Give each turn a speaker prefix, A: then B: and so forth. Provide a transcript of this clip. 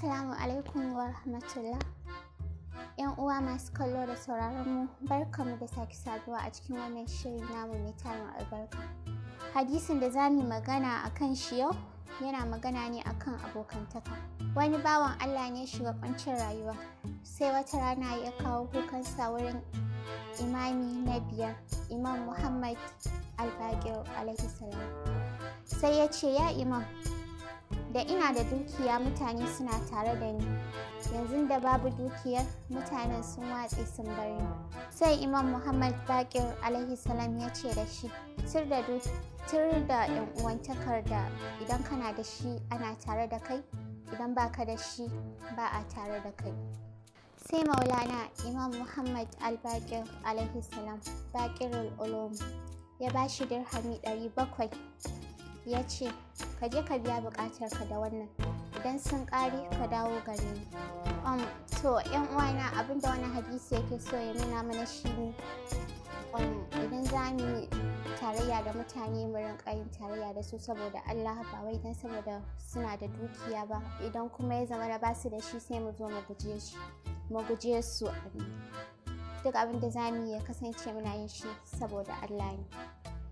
A: Assalamu alaikum wa rahmatullah. ‘Yan uwa masu kallo da sauraron mu, barkamu da sake saduwa a cikin wannan shirin namu mai tarin albarka. Hadisin da za mu magana a kan shi yau yana magana ne a kan abokantaka. Wani bawan Allah ne shiga kwanciyar rayuwa, sai wata rana ya kawo kukansa wurin imami na biyar, Imam Muhammad Albaqir alaihi Sai ya ce, ya imam, da ina da dukiya mutane suna tare da ni yanzu da babu dukiyar mutanen sun watse sun bar sai imam muhammad bakir alaihi salam ya ce da shi tur da da yan uwantakarda da idan kana da shi ana tare da kai idan baka da shi ba a tare da kai sai maulana imam muhammad al-bakir alaihi salam bakirul ulum ya ba shi dirhami 700 ya ce ka je ka biya ka da wannan idan sun ƙare ka dawo gare ni um, to yan uwana da wani hadisi yake so ya nuna mana ne um, idan za mu yi tarayya da mutane mu rinka yin tarayya da su saboda Allah ba wai dan saboda suna da dukiya ba idan kuma ya zama da ba su da shi sai mu zo mu guje shi mu guje su duk abin da za mu yi ya kasance muna yin shi saboda Allah ne